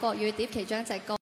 國語碟其中一隻歌。